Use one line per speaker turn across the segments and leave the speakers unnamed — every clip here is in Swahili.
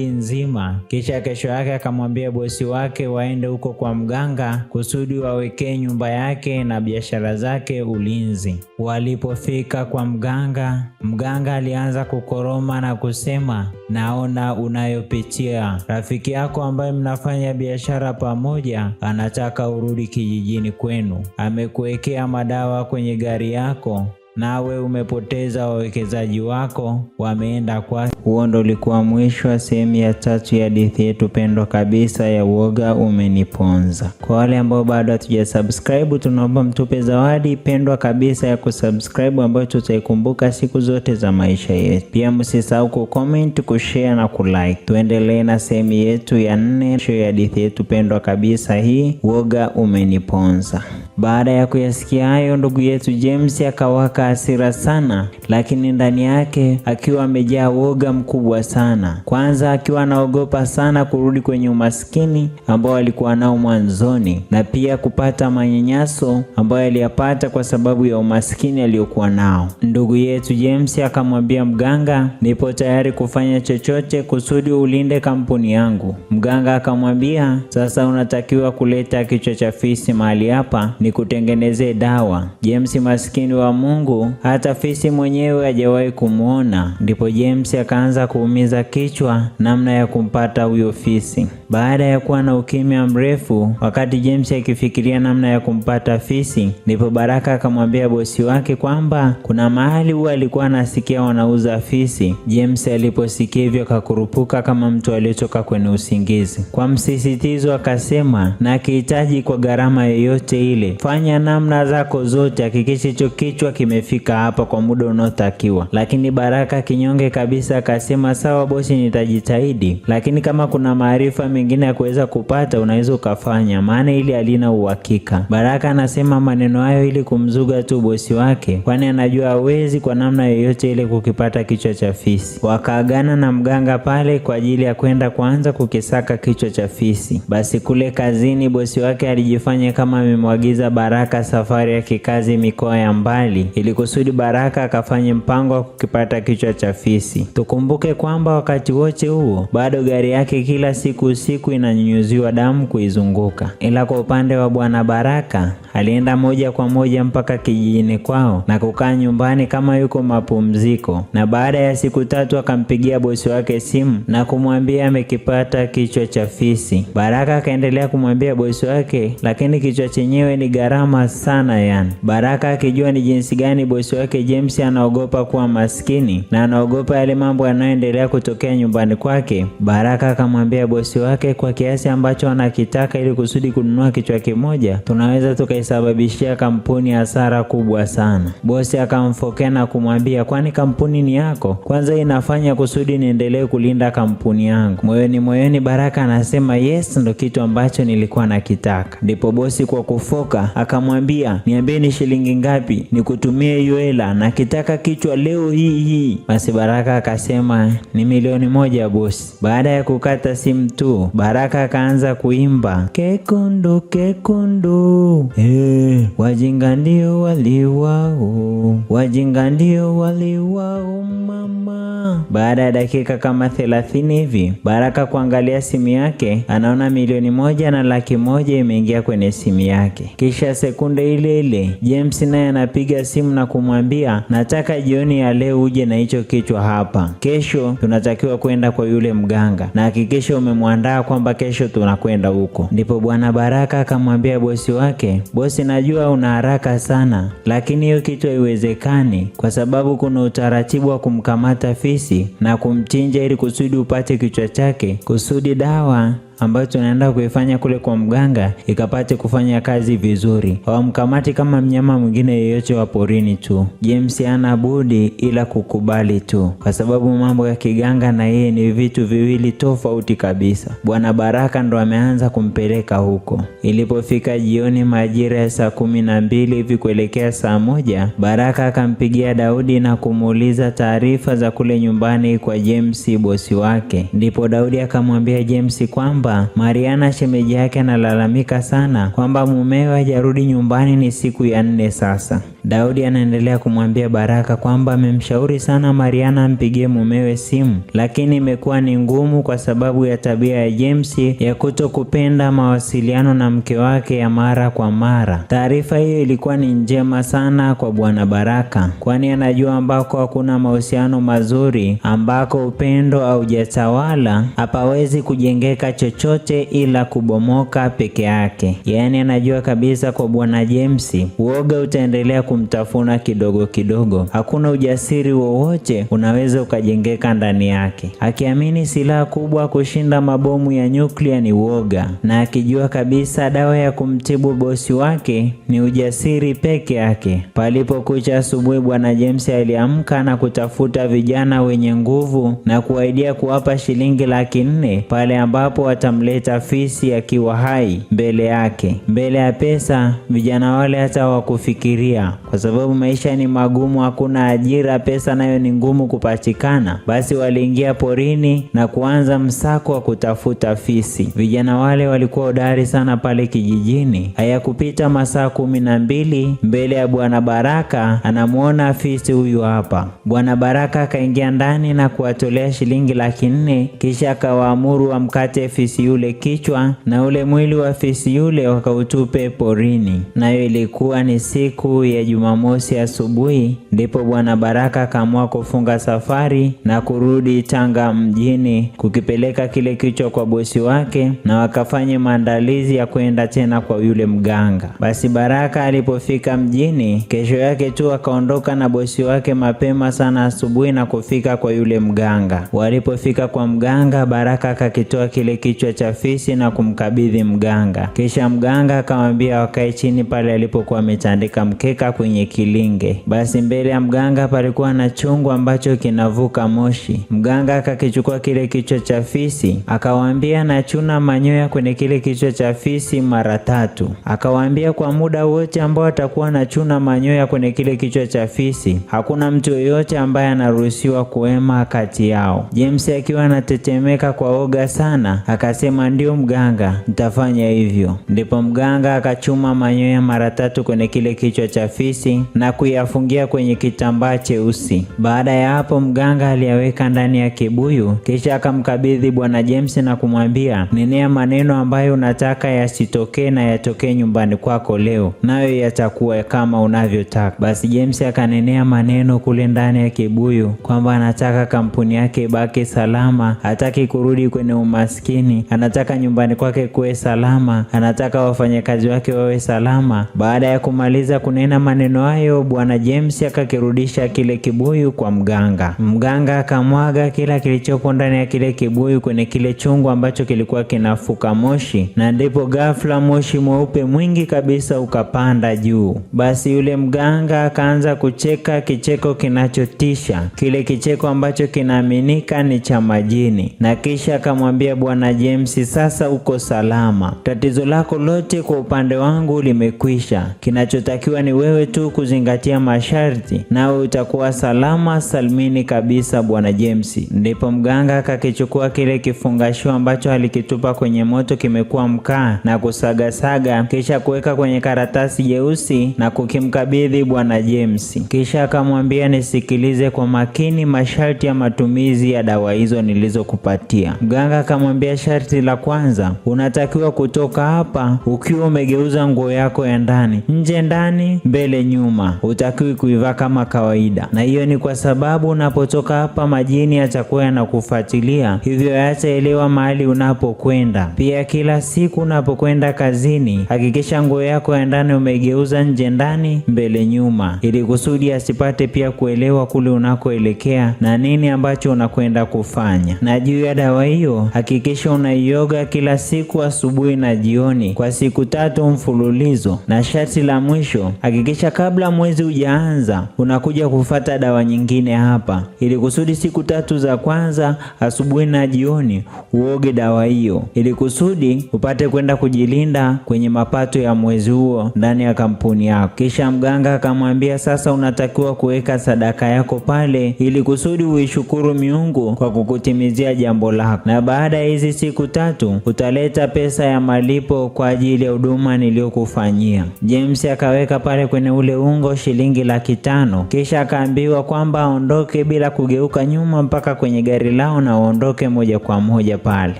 nzima, kisha kesho yake akamwambia bosi wake waende huko kwa mganga kusudi wawekee nyumba yake na biashara zake ulinzi. Walipofika kwa mganga, mganga alianza kukoroma na kusema, naona unayopitia rafiki yako ambaye mnafanya biashara pamoja anataka urudi kijijini kwenu, amekuwekea madawa kwenye gari yako nawe umepoteza wawekezaji wako, wameenda kwa huo ndo ulikuwa mwisho wa sehemu ya tatu ya hadithi yetu pendwa kabisa ya Uoga Umeniponza. Kwa wale ambao bado hatujasubscribe, tunaomba mtupe zawadi pendwa kabisa ya kusubscribe ambayo tutaikumbuka siku zote za maisha yetu. Pia msisahau kucomment, kushare na kulike. Tuendelee na sehemu yetu ya nne ya hadithi yetu pendwa kabisa hii, Uoga Umeniponza. Baada ya kuyasikia hayo, ndugu yetu James akawaka hasira sana, lakini ndani yake akiwa amejaa woga mkubwa sana, kwanza akiwa anaogopa sana kurudi kwenye umaskini ambao alikuwa nao mwanzoni, na pia kupata manyanyaso ambayo aliyapata kwa sababu ya umaskini aliyokuwa nao. Ndugu yetu James akamwambia mganga, nipo tayari kufanya chochote kusudi ulinde kampuni yangu. Mganga akamwambia, sasa unatakiwa kuleta kichwa cha fisi mahali hapa nikutengenezee dawa. James maskini wa Mungu, hata fisi mwenyewe hajawahi kumwona. Ndipo James aka akaanza kuumiza kichwa namna ya kumpata huyo fisi. Baada ya kuwa na ukimya mrefu, wakati James akifikiria namna ya kumpata fisi, ndipo Baraka akamwambia bosi wake kwamba kuna mahali huwa alikuwa anasikia wanauza fisi. James aliposikia hivyo akakurupuka kama mtu aliyetoka kwenye usingizi. Kwa msisitizo akasema, na kihitaji kwa gharama yoyote ile, fanya namna zako zote, hakikisha hicho kichwa kimefika hapa kwa muda unaotakiwa. Lakini Baraka kinyonge kabisa akasema sawa bosi, nitajitahidi, lakini kama kuna maarifa mengine ya kuweza kupata unaweza ukafanya, maana ili alina uhakika. Baraka anasema maneno hayo ili kumzuga tu bosi wake, kwani anajua hawezi kwa namna yoyote ile kukipata kichwa cha fisi. Wakaagana na mganga pale kwa ajili ya kwenda kuanza kukisaka kichwa cha fisi. Basi kule kazini, bosi wake alijifanya kama amemwagiza Baraka safari ya kikazi mikoa ya mbali, ili kusudi Baraka akafanye mpango wa kukipata kichwa cha fisi. Tukum Ukumbuke kwamba wakati wote huo bado gari yake kila siku usiku inanyunyuziwa damu kuizunguka. Ila kwa upande wa Bwana Baraka alienda moja kwa moja mpaka kijijini kwao na kukaa nyumbani kama yuko mapumziko, na baada ya siku tatu akampigia bosi wake simu na kumwambia amekipata kichwa cha fisi. Baraka akaendelea kumwambia bosi wake, lakini kichwa chenyewe ni gharama sana yani. Baraka akijua ni jinsi gani bosi wake James anaogopa kuwa maskini na anaogopa yale mambo mambo yanayoendelea kutokea nyumbani kwake, Baraka akamwambia bosi wake kwa kiasi ambacho anakitaka ili kusudi kununua kichwa kimoja, tunaweza tukaisababishia kampuni hasara kubwa sana. Bosi akamfokea na kumwambia, kwani kampuni ni yako? Kwanza inafanya kusudi niendelee kulinda kampuni yangu. Moyoni moyoni, Baraka anasema yes, ndo kitu ambacho nilikuwa nakitaka. Ndipo bosi kwa kufoka akamwambia, niambie ni shilingi ngapi nikutumie hiyo hela, nakitaka kichwa leo hii hii. Basi Baraka akasema akasema ni milioni moja bosi. Baada ya kukata simu tu, Baraka akaanza kuimba kekundu kekundu, hey. Eh, wajinga ndio waliwao, wajinga ndio waliwao mama. Baada ya dakika kama thelathini hivi, Baraka kuangalia simu yake anaona milioni moja na laki moja imeingia kwenye simu yake. Kisha sekunde ile ile James naye anapiga simu na kumwambia nataka jioni ya leo uje na hicho kichwa hapa kesho tunatakiwa kwenda kwa yule mganga, na hakikisha umemwandaa kwamba kesho tunakwenda huko. Ndipo bwana Baraka akamwambia bosi wake, bosi, najua una haraka sana, lakini hiyo kitu haiwezekani kwa sababu kuna utaratibu wa kumkamata fisi na kumchinja ili kusudi upate kichwa chake kusudi dawa ambacho tunaenda kuifanya kule kwa mganga ikapate kufanya kazi vizuri. Hawamkamati kama mnyama mwingine yeyote wa porini tu. James ana budi ila kukubali tu, kwa sababu mambo ya kiganga na yeye ni vitu viwili tofauti kabisa. Bwana Baraka ndo ameanza kumpeleka huko. Ilipofika jioni majira ya saa kumi na mbili hivi kuelekea saa moja, Baraka akampigia Daudi na kumuuliza taarifa za kule nyumbani kwa James bosi wake, ndipo Daudi akamwambia James kwamba kuwa Mariana shemeji yake analalamika sana kwamba mumewe hajarudi nyumbani, ni siku ya nne sasa. Daudi anaendelea kumwambia Baraka kwamba amemshauri sana Mariana ampigie mumewe simu, lakini imekuwa ni ngumu kwa sababu ya tabia ya James ya kuto kupenda mawasiliano na mke wake ya mara kwa mara. Taarifa hiyo ilikuwa ni njema sana kwa Bwana Baraka, kwani anajua ambako hakuna mahusiano mazuri, ambako upendo haujatawala, hapawezi kujengeka chochote chochote ila kubomoka peke yake. Yaani anajua kabisa kwa Bwana James uoga utaendelea kumtafuna kidogo kidogo, hakuna ujasiri wowote unaweza ukajengeka ndani yake, akiamini silaha kubwa kushinda mabomu ya nyuklia ni uoga, na akijua kabisa dawa ya kumtibu bosi wake ni ujasiri peke yake. Palipokucha asubuhi, Bwana James aliamka na kutafuta vijana wenye nguvu na kuwaidia kuwapa shilingi laki nne pale ambapo wata akamleta fisi akiwa hai mbele yake. Mbele ya pesa, vijana wale hata wakufikiria, kwa sababu maisha ni magumu, hakuna ajira, pesa nayo ni ngumu kupatikana. Basi waliingia porini na kuanza msako wa kutafuta fisi. Vijana wale walikuwa hodari sana pale kijijini. Hayakupita masaa kumi na mbili mbele ya Bwana Baraka anamwona fisi huyu hapa. Bwana Baraka akaingia ndani na kuwatolea shilingi laki nne kisha akawaamuru wamkate fisi fisi yule kichwa na ule mwili wa fisi yule wakautupe porini. Nayo ilikuwa ni siku ya Jumamosi asubuhi, ndipo Bwana Baraka akaamua kufunga safari na kurudi Tanga mjini kukipeleka kile kichwa kwa bosi wake, na wakafanye maandalizi ya kwenda tena kwa yule mganga. Basi Baraka alipofika mjini kesho yake tu akaondoka na bosi wake mapema sana asubuhi na kufika kwa yule mganga. Walipofika kwa mganga, Baraka akakitoa kile kichwa kichwa cha fisi na kumkabidhi mganga. Kisha mganga akamwambia wakae chini pale alipokuwa ametandika mkeka kwenye kilinge. Basi mbele ya mganga palikuwa na chungu ambacho kinavuka moshi. Mganga akakichukua kile kichwa cha fisi, akawaambia nachuna manyoya kwenye kile kichwa cha fisi mara tatu. Akawaambia kwa muda wote ambao atakuwa chuna manyoya kwenye kile kichwa cha fisi, hakuna mtu yoyote ambaye anaruhusiwa kuema kati yao. James akiwa anatetemeka kwa oga sana aka Akasema ndio mganga, nitafanya hivyo. Ndipo mganga akachuma manyoya mara tatu kwenye kile kichwa cha fisi na kuyafungia kwenye kitambaa cheusi. Baada ya hapo, mganga aliyaweka ndani ya kibuyu, kisha akamkabidhi Bwana James na kumwambia, nenea maneno ambayo unataka yasitokee na yatokee nyumbani kwako leo, nayo yatakuwa kama unavyotaka. Basi James akanenea maneno kule ndani ya kibuyu kwamba anataka kampuni yake ibaki salama, hataki kurudi kwenye umaskini anataka nyumbani kwake kuwe salama, anataka wafanyakazi wake wawe salama. Baada ya kumaliza kunena maneno hayo, Bwana James akakirudisha kile kibuyu kwa mganga. Mganga akamwaga kila kilichopo ndani ya kile kibuyu kwenye kile chungu ambacho kilikuwa kinafuka moshi, na ndipo ghafla moshi mweupe mwingi kabisa ukapanda juu. Basi yule mganga akaanza kucheka kicheko kinachotisha, kile kicheko ambacho kinaaminika ni cha majini, na kisha akamwambia Bwana James James, sasa uko salama. Tatizo lako lote kwa upande wangu limekwisha. Kinachotakiwa ni wewe tu kuzingatia masharti, nawe utakuwa salama salmini kabisa, bwana James. Ndipo mganga akakichukua kile kifungashio ambacho alikitupa kwenye moto, kimekuwa mkaa na kusagasaga, kisha kuweka kwenye karatasi jeusi na kukimkabidhi bwana James, kisha akamwambia, nisikilize kwa makini masharti ya matumizi ya dawa hizo nilizokupatia. Mganga akamwambia sharti Sharti la kwanza, unatakiwa kutoka hapa ukiwa umegeuza nguo yako ya ndani, nje, ndani, mbele, nyuma. utakiwi kuivaa kama kawaida, na hiyo ni kwa sababu unapotoka hapa majini yatakuwa yanakufuatilia, hivyo yataelewa mahali unapokwenda. Pia kila siku unapokwenda kazini, hakikisha nguo yako ya ndani umegeuza nje, ndani, mbele, nyuma, ili kusudi asipate pia kuelewa kule unakoelekea na nini ambacho unakwenda kufanya. Na juu ya dawa hiyo hakikisha una yoga kila siku asubuhi na jioni kwa siku tatu mfululizo. Na sharti la mwisho, hakikisha kabla mwezi hujaanza unakuja kufata dawa nyingine hapa, ili kusudi siku tatu za kwanza asubuhi na jioni uoge dawa hiyo, ili kusudi upate kwenda kujilinda kwenye mapato ya mwezi huo ndani ya kampuni yako. Kisha mganga akamwambia, sasa unatakiwa kuweka sadaka yako pale, ili kusudi uishukuru miungu kwa kukutimizia jambo lako. Na baada ya hizi siku siku tatu utaleta pesa ya malipo kwa ajili ya huduma niliyokufanyia. James akaweka pale kwenye ule ungo shilingi laki tano kisha akaambiwa kwamba aondoke bila kugeuka nyuma mpaka kwenye gari lao na waondoke moja kwa moja pale.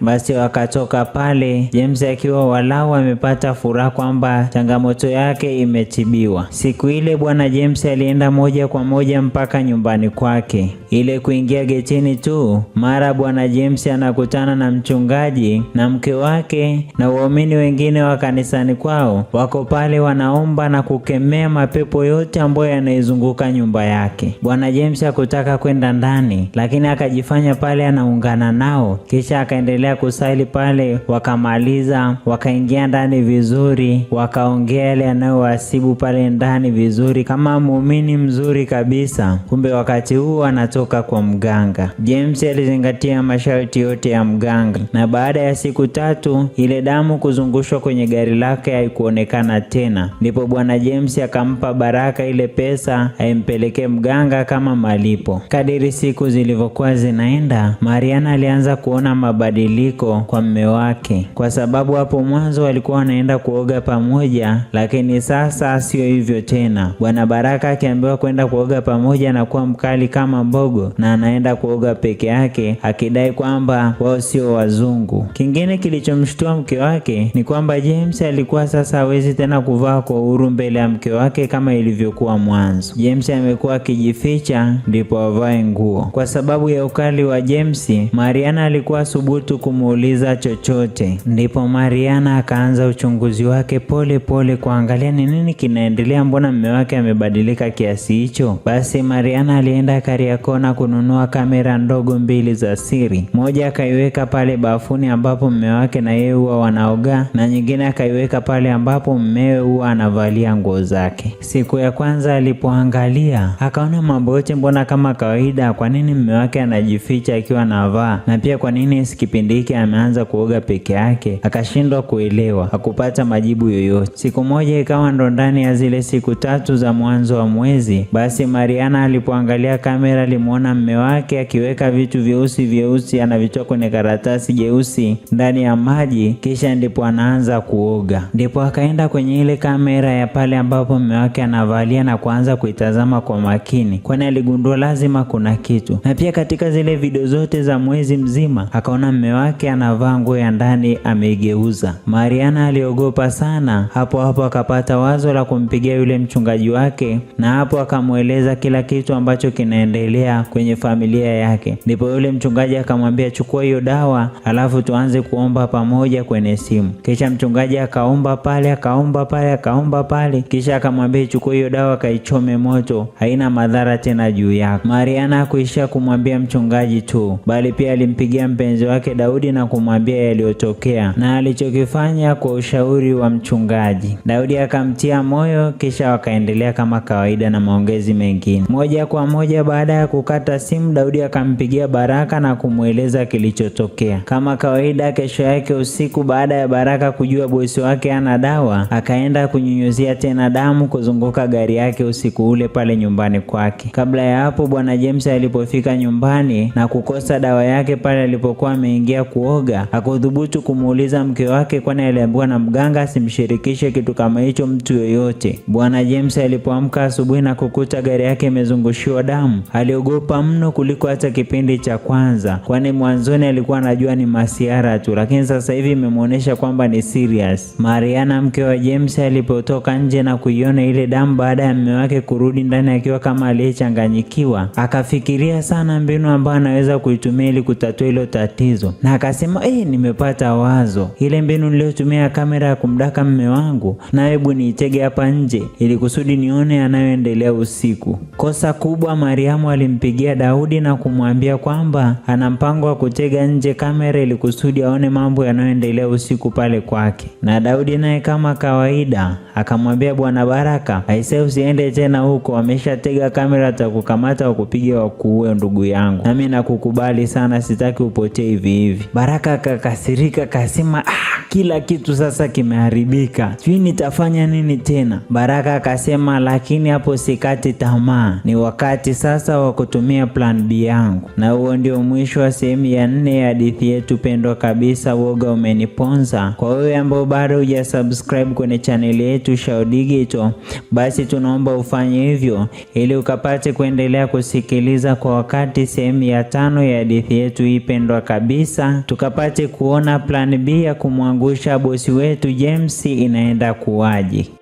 Basi wakatoka pale, James akiwa walau amepata furaha kwamba changamoto yake imetibiwa. Siku ile bwana James alienda moja kwa moja mpaka nyumbani kwake. Ile kuingia getini tu, mara bwana James anakutana na mchungaji mchungaji na mke wake na waumini wengine wa kanisani kwao wako pale wanaomba na kukemea mapepo yote ambayo yanaizunguka nyumba yake. Bwana James hakutaka kwenda ndani, lakini akajifanya pale anaungana nao, kisha akaendelea kusali pale. Wakamaliza, wakaingia ndani vizuri, wakaongea yale yanayowasibu pale ndani vizuri, kama muumini mzuri kabisa. Kumbe wakati huu anatoka kwa mganga. James alizingatia masharti yote ya mganga na baada ya siku tatu ile damu kuzungushwa kwenye gari lake haikuonekana tena. Ndipo bwana James akampa Baraka ile pesa aimpelekee mganga kama malipo. Kadiri siku zilivyokuwa zinaenda, Mariana alianza kuona mabadiliko kwa mme wake, kwa sababu hapo mwanzo walikuwa wanaenda kuoga pamoja, lakini sasa sio hivyo tena. Bwana Baraka akiambiwa kwenda kuoga pamoja na kuwa mkali kama mbogo, na anaenda kuoga peke yake akidai kwamba wao sio wazungu. Mungu. Kingine kilichomshtua mke wake ni kwamba James alikuwa sasa hawezi tena kuvaa kwa uhuru mbele ya mke wake kama ilivyokuwa mwanzo. James amekuwa akijificha ndipo avae nguo. Kwa sababu ya ukali wa James, Mariana alikuwa subutu kumuuliza chochote, ndipo Mariana akaanza uchunguzi wake pole pole, kuangalia ni nini kinaendelea, mbona mme wake amebadilika kiasi hicho. Basi Mariana alienda Kariakona kununua kamera ndogo mbili za siri, moja akaiweka pale bafu bafuni ambapo mme wake na yeye huwa wanaoga na nyingine akaiweka pale ambapo mmewe huwa anavalia nguo zake. Siku ya kwanza alipoangalia akaona mambo yote mbona kama kawaida. Kwa nini mme wake anajificha akiwa anavaa, na pia kwa nini kipindi hiki ameanza kuoga peke yake? Akashindwa kuelewa, hakupata majibu yoyote. Siku moja ikawa ndo ndani ya zile siku tatu za mwanzo wa mwezi, basi Mariana alipoangalia kamera alimwona mme wake akiweka vitu vyeusi vyeusi anavitoa kwenye karatasi jeusi nyeusi ndani ya maji, kisha ndipo anaanza kuoga. Ndipo akaenda kwenye ile kamera ya pale ambapo mume wake anavalia na kuanza kuitazama kwa makini, kwani aligundua lazima kuna kitu. Na pia katika zile video zote za mwezi mzima akaona mume wake anavaa nguo ya ndani ameigeuza. Mariana aliogopa sana, hapo hapo akapata wazo la kumpigia yule mchungaji wake, na hapo akamweleza kila kitu ambacho kinaendelea kwenye familia yake. Ndipo yule mchungaji akamwambia, chukua hiyo dawa alafu alafu tuanze kuomba pamoja kwenye simu. Kisha mchungaji akaomba pale akaomba pale akaomba pale, kisha akamwambia chukua hiyo dawa kaichome moto, haina madhara tena juu yako. Mariana hakuishia kumwambia mchungaji tu, bali pia alimpigia mpenzi wake Daudi na kumwambia yaliyotokea na alichokifanya kwa ushauri wa mchungaji. Daudi akamtia moyo, kisha wakaendelea kama kawaida na maongezi mengine. Moja kwa moja baada ya kukata simu, Daudi akampigia Baraka na kumweleza kilichotokea kama kawaida, kesho yake usiku, baada ya Baraka kujua bosi wake ana dawa, akaenda kunyunyuzia tena damu kuzunguka gari yake usiku ule pale nyumbani kwake. Kabla ya hapo, bwana James alipofika nyumbani na kukosa dawa yake pale alipokuwa ameingia kuoga, hakudhubutu kumuuliza mke wake, kwani aliambiwa na mganga asimshirikishe kitu kama hicho mtu yoyote. Bwana James alipoamka asubuhi na kukuta gari yake imezungushiwa damu, aliogopa mno kuliko hata kipindi cha kwanza, kwani mwanzoni alikuwa anajua ni mas masiara tu, lakini sasa hivi imemwonyesha kwamba ni serious. Mariana mke wa James alipotoka nje na kuiona ile damu baada ya mume wake kurudi ndani akiwa kama aliyechanganyikiwa, akafikiria sana mbinu ambayo anaweza kuitumia ili kutatua hilo tatizo, na akasema eh, nimepata wazo. Ile mbinu niliyotumia kamera ya kumdaka mume wangu, na hebu niitege hapa nje ili kusudi nione yanayoendelea usiku. Kosa kubwa Mariamu alimpigia Daudi na kumwambia kwamba ana mpango wa kutega nje kamera ili kusudi aone mambo yanayoendelea usiku pale kwake. Na Daudi naye kama kawaida akamwambia Bwana Baraka, aise, usiende tena huko, wameshatega kamera, za kukamata wakupiga wakuue ndugu yangu, nami nakukubali sana, sitaki upotee hivi hivi. Baraka akakasirika, kasema ah! kila kitu sasa kimeharibika, sijui nitafanya nini tena. Baraka akasema, lakini hapo sikati tamaa, ni wakati sasa wa kutumia plan B yangu. Na huo ndio mwisho wa sehemu ya nne ya hadithi yetu pendwa kabisa, Woga Umeniponza. Kwa wewe ambao bado hujasubscribe kwenye chaneli yetu Shao Digital, basi tunaomba ufanye hivyo ili ukapate kuendelea kusikiliza kwa wakati sehemu ya tano ya hadithi yetu hii pendwa kabisa, tukapate kuona plan B ya kumwangu kumkumbusha bosi wetu James inaenda kuwaje.